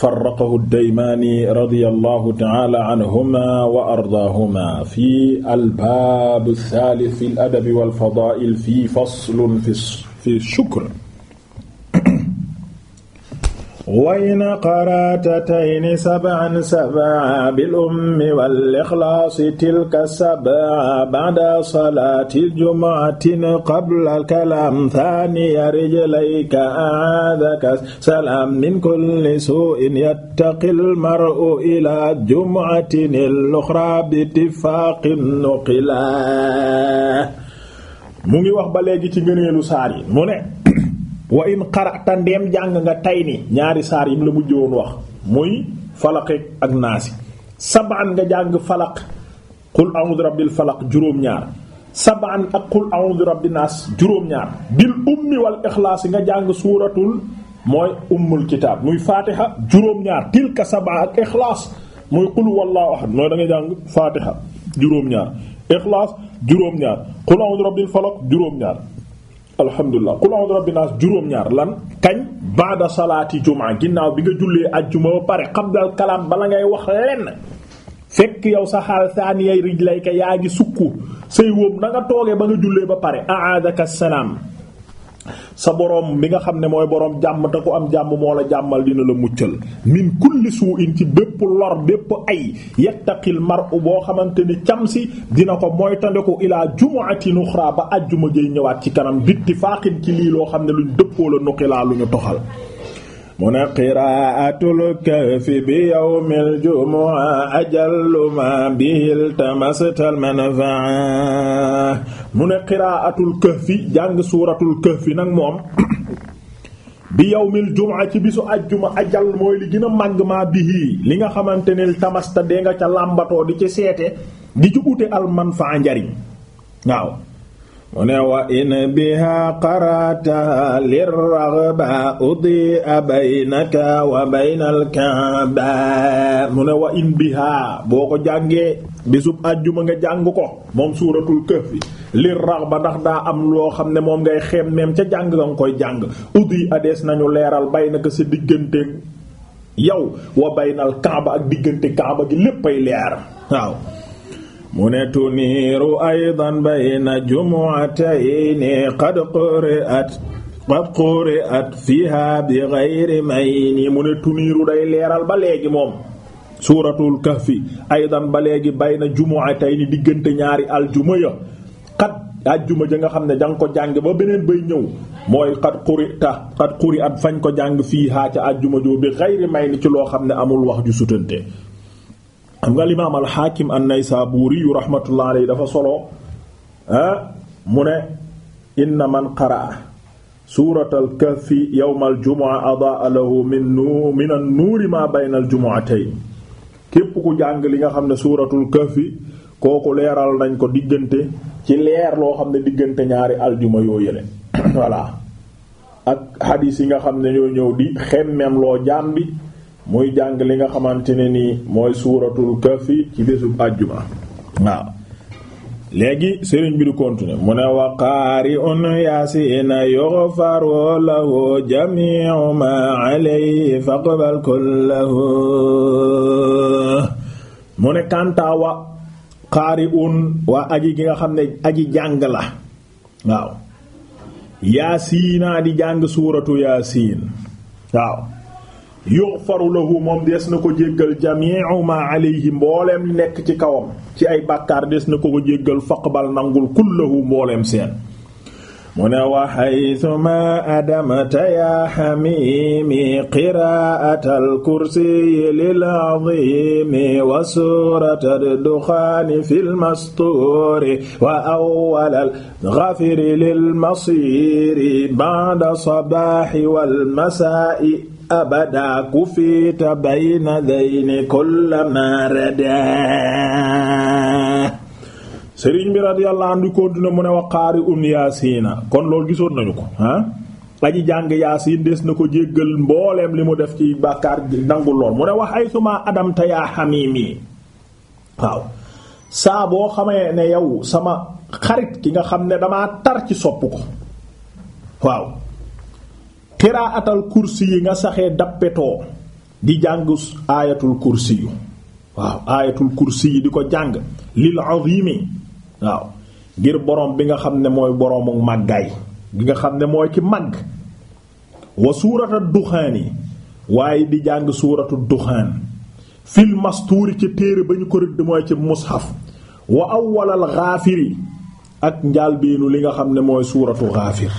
farraqahu daymaani radiyallahu ta'ala anhuma wa ardaahuma fi albaab althaalith fi aladabi walfadaa'il fi faslun fi shukr وإن قرأت تين سبعا سبعا بالأم والإخلاص تلك سبعا بعد صلاة الجمعة قبل الكلام ثاني رجليك أعاذك سلام من كل سوء يتقي المرء إلى الجمعة الأخرى باتفاق نقلا mu ngi wax ba léegi ci ngëneelu saar yi mu ne wa in qara'ta ndeem jàng nga tay ni ñaari saar yim la mujj woon wax muy falaq ak naasi sab'an nga jàng falaq qul a'udhu rabbil falaq juróom-ñaar sab'an ak qul a'udhu rabbin naas juróom-ñaar bil ummi wal ixlaas nga jàng suuratul mooy ummul kitaab muy faatiha juróom-ñaar tilka sab'a ak ixlaas muy qul wallahu ahad mooy da jàng faatiha juróom-ñaar ixlaas juróom-ñaar qul a'udhu rabbil falaq juróom-ñaar alhamdulilah qul a'udhu rabbin nas juróom-ñaar lan kañ baada salaati jumaa ginnaaw bi nga jullee ajjuma ba pare qabdal kalaam bala ngay wax lenn fekk yow sa xaal saaniyay rijlayka yaa ngi sukku say wóom na nga toogee ba nga jullee ba pare aadaka salaam sa boroom bi nga xam ne mooy boroom jàmm te ko am jàmm moo la jàmmal dina la muccal min kulli su'in ci bépp lor bépp ay yattaqil mar'u boo xamante ni camsi dina ko moytandiku ilaa jumu'atin ukhra ba ajjuma jëy ñëwaat ci kanam bittifaaqin ci lii loo xam ne lu dëppoo la nuqilaa lu ñu toxal mu ne qiraatul kahfi bi yawmil jumu'a ajallu ma bihil tamastal manfa'a mu ne qiraatul kahfi jàng suuratul kahfi nag moom bi yow yawmil jumu'a ci bisu ajjuma ajal mooy li gën a màgg maa bihi li nga xamante ne tamasta dee nga ca làmbatoo di ci seete di ci ute al manfa'a njariñ waaw mu ne wa in biha qarata lirraghba udi'a baynaka wa baynal ka'ba mu ne wa in biha boo ko jàngee bisub àjjuma nga jàng ko moom suuratul kahfi lirraghba ndax daa am loo xam ne moom ngay xem même ca jàng nga nga koy jàng udi'a des nañu leeral baynaka sa diggante yow wa baynal ka'ba ak diggante ka'ba gi léppay leer waaw mu ne tuniiru aydan bayna jumu'atayni qad quri'at qad quri'at fiha bi ghayri mayni mu ne tuniiru day leeral ba léegi moom suuratul kahfi aydan ba léegi bayna jumu'atayni diggante ñaari aljuma ya qad ajjuma ja nga xam ne da ko jàng ba beneen bay ñëw mooy qad quri'ta qad quri'at fañ ko jàng fiha ca ajjuma joo bi ghayri mayni ci loo xam ne amul wax ju sutante xam nga limaam alxaakim an-Naysaabuuri yu rahmatullah alayhi dafa solo ah mu ne inna man qaraa suuratal këfi yowma aljumuca adaa lahu min nu min nuuri maa bayna aljumucatayn képp ku jàng li nga xam ne suuratul kahfi kooku leeral nañ ko diggante ci leer loo xam ne diggante ñaari aljuma yoo yële voilà ak xadiis yi nga xam ne ñoo ñëw di xemmeem loo jaam bi muy jàng li nga xamante ne nii mooy suuratul kafi ci bésub àjjuma waaw léegi sëriñ bi du continuer mu ne wa qaari'un yaasiin yughfaru lahu jamii'u maa alayhi faqbal kullahu mu ne kàntaa wa qaari'un waa aji gi nga xam ne aji jàng la waaw yaasiinaa di jàng suuratu yaasiin waaw yughfaru lahu moom des na ko jéggal jami'u ma alayhi mbooleem nekk ci kawam ci ay bàkkaar des na ko ko jéggal faqbal nangul kullahu mbooleem seen mu ne wa haythu ma adamta ya hamimi qiraata alkursiyi lilazimi wa surata duxaani fi lmasturi wa awwalal ghafiri lilmasiri ba'da sabahi wal masaa'i abada kufiita bayna dayni kullama rada sëriñ bi radiyallahu anhu koddina mu ne wa qaari'un um yaasiina kon lool gisoon nañu ko ah aji jàng yaasiin des na ko jéggal mbooleem li mu def ci bàkkaar nangu lool mu ne wax ay suma adamta yaa xamiimi waaw saa boo xamee ne yow sama xarit ki nga xam ne dama tar ci sopp ko waaw xiraatal kursi yi nga saxee dappetoo di jàng aayatul kursi yu waaw aayatul kursi yi di ko jàng lil azimi waaw ngir borom bi nga xam ne mooy boroomu màggaay bi nga xam ne mooy ci màgg wa suurata duxaan waaye di jàng suuratu duxaan fil mastuuri ci téere ba ñu ko rëdd mooy ci mushaf wa awwalal xaafiri ak njaalbeenu li nga xam ne mooy suuratu xaafir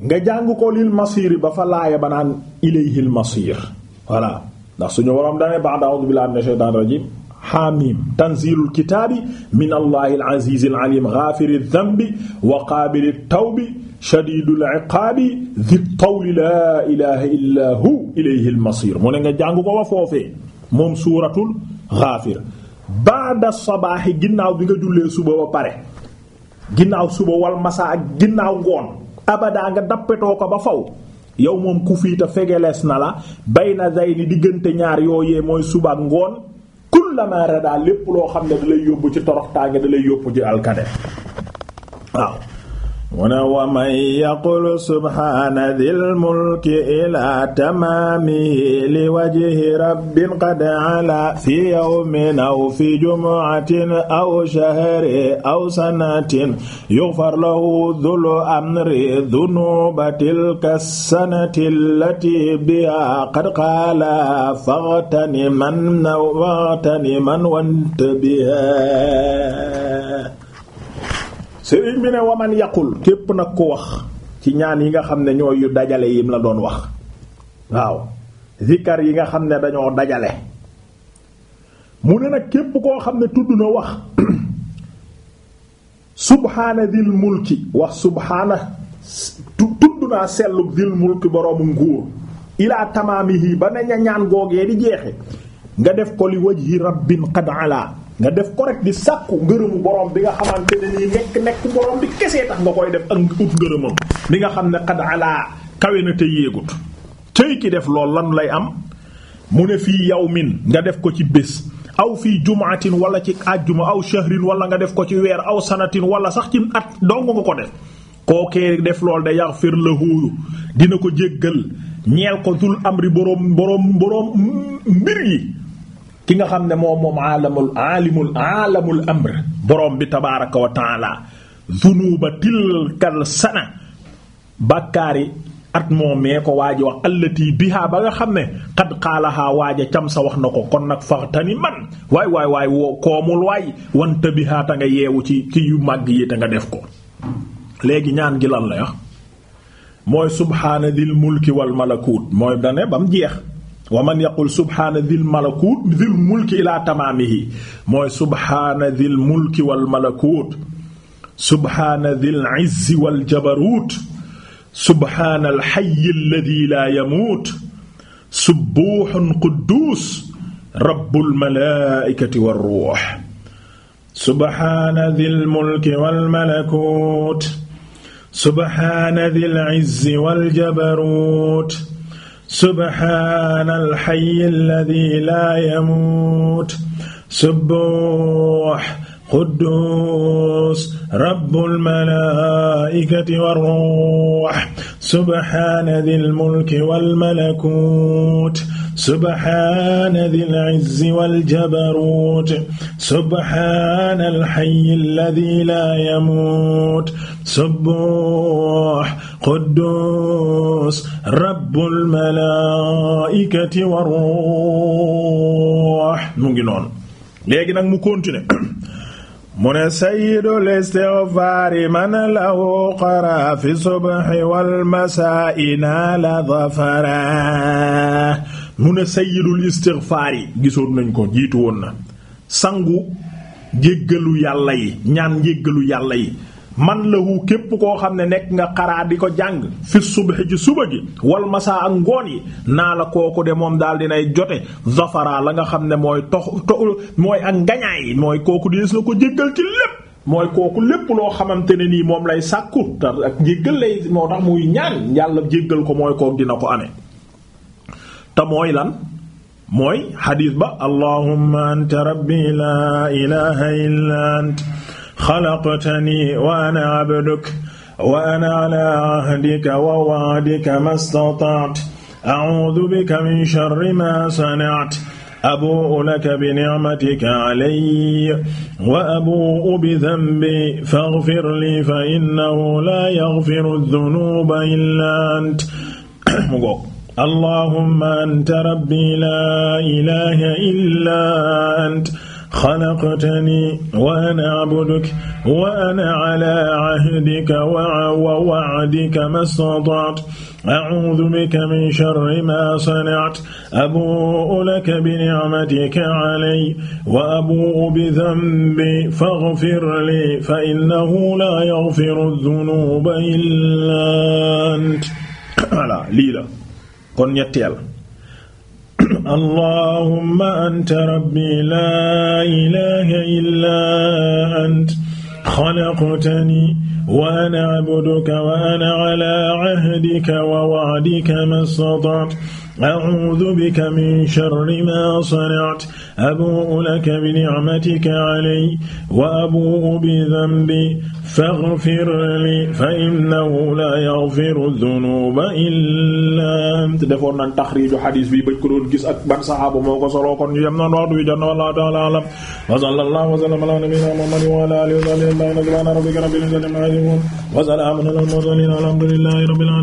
nga jàng ko lil masir ba fa laaya ba naan ilayhil masir voilà ndax suñu waroom dane ba'da a'udhu billahi minash shaitanir rajim xaamim tanzilul kitaabi min allahi al-aziz al-alim ghafiri dhanbi wa qaabili tawbi shadidul iqaabi dhi tawli la ilaha illa hu ilayhil masir mu ne nga jàng ko wa foofee moom suuratul ghafir baada sabaaxi ginnaaw bi nga jullee suba ba pare ginnaaw suba wal masa ak ginnaaw ngoon abadaa nga dappetoo ko ba faw yow moom ku fiita fegelees na la bay na day ni diggante ñaar yooyee mooy suba ak ngoon kullama rada lépp loo xam ne da lay yóbbu ci toroxtaange da lay yóbbu ci alkade waaw mu ne wa man yaqul subhaana dil mulki ilaa tamaamihi li wajhi rabbin qad ala fi yawmin aw fi jumu'atin aw shahrin aw sanatin yughfar lahu dhul amri dhunuba tilka sanati allati biha qad qaala faghtaniman waghtaniman wantabiha sëriñ bi ne waman yaqul képp nag ku wax ci ñaan yi nga xam ne ñooy dajale yim la doon wax waaw zikar yi nga xam ne dañoo dajale mu ne nag képp koo xam ne tudd na wax subhaana dil mulki wax subhaana tudd naa sellu dil mulki boroomu nguur ilaa tamaamihi ba ne ñaan googee di jeexe nga def ko li wajhi rabbin qad ala nga def correct di sàkku ngërëmu borom bi nga xamante ne nii nekk nekk borom bi kesee tax nga koy def ak ut ngërëmam bi nga xam ne xad alaa kawe na te yéegut tey ki def lool lan lay am mu ne fii yawmin nga def ko ci bés aw fii jumaatin wala ci àjjuma aw shahrin wala nga def ko ci weer aw sanatin wala sax ci at dong nga ko def kookee def lool da yaghfir lahu dina ko jéggal ñeel ko dul amri boroom borom boroom mm, mbir yi ki nga xam ne moom moom aalamul aalimul aalamul amr borom bi tabaaraka wa taala zunuba tilkal sana bàkkaari at moo mee ko waaja wax allati biha ba nga xam ne xad xaalahaa waaja cam sa wax na ko kon nag faxtani man waay waay waay woo koomul waay wante biha ta nga yeewu ci ci yu màgg yi ta nga def ko léegi ñaan gi lan la yax mooy subhaana dil mulki wal malakut mooy dane bam jeex wa man yaqul subhaana dhil malakut dhil mulki ilaa tamaamihi mooy subhaana dhil mulki wal malakut subhaana dhil izzi wal jabarut subhaana al hayy alladhi laa yamuut subbuuhun qudduus rabbul malaa'ikati war ruux subhaana dhil mulki wal malakut subhaana dhil izzi wal jabarut subhaana alxayi alladi laa yamuut subuux quddus rabbul malaa'ikati warruux subhaana dil mulki wal malakuut subhaana dil izzi wal jabaruut subhaana al hayyi allazii laa yamuut subbuux quddus rabbul malaa'ikati war ruux mu ngi noonu léegi nag mu continuer mu ne sayyidul istighfaari man lahu qara fi subhi wal masaa'i naala zafara mu ne sayyidul istighfaar yi gisoon nañ ko jiitu woon na sangu njéggalu yàlla yi ñaan njéggalu yàlla yi man lahu képp koo xam ne nekk nga xaraa di ko jàng fi subhi suba ji wal masaa ak ngoon yi naa la kooku de moom daal dinay jote zafara la nga xam ne mooy tox mooy ak ngañaay yi mooy kooku dees ko jéggal ci lépp mooy kooku lépp loo xamante ne nii moom lay sàkku te ak njéggal lay moo tax muy ñaan yàlla jéggal ko mooy kook dina ko amee te mooy lan mooy xadiis ba allahumma anta rabbi laa ilaha illa anta xalaqtani wa ana abduk wa ana ala ahdika wa wa'dika mastata'tu a'udhu bika min sharri ma sana'tu abu'u laka bi ni'matika alayya wa abu'u bi dhanbi faghfir li fa innahu la yaghfiru dhunuba illa ant mu allahumma anta rabbi laa ilaha illaa anta xalaqtani wa ana abduk wa ana ala ahdika wa wa'dika mastata'tu a'uudu bika min sharri ma sana'tu abu'u laka bi ni'matika 'alayya wa abu'u bi dhanbi faghfir li fa innahu laa yaghfiru dhunuuba illaa anta. voilà lii la. kon ñetteel allahumma anta rabbi laa ilaha illa anta xalaqtani wa ana abduka wa ana ala ahdika wa wa'dika mastata'tu a'udhu bika min sharri ma sana'tu abu'u laka bi ni'matika alayya wa abu'u bi dhanbi faghfir li fa innahu la yaghfiru dhunuba illa anta defoon nañ taxriiju xadiis bi bañ ko doon gis ak ban saxaaba moo ko soloo kon ñu yem noon waxtu wi jot na wallahu ta'ala a'lam wa sallallahu wa sallama ala nabiyyina muhammadin wa ala alihi wa sahbihi ajma'in subhana rabbika rabbil izzati amma yasifun wa salamun ala al mursalin walhamdulillahi rabbil alamin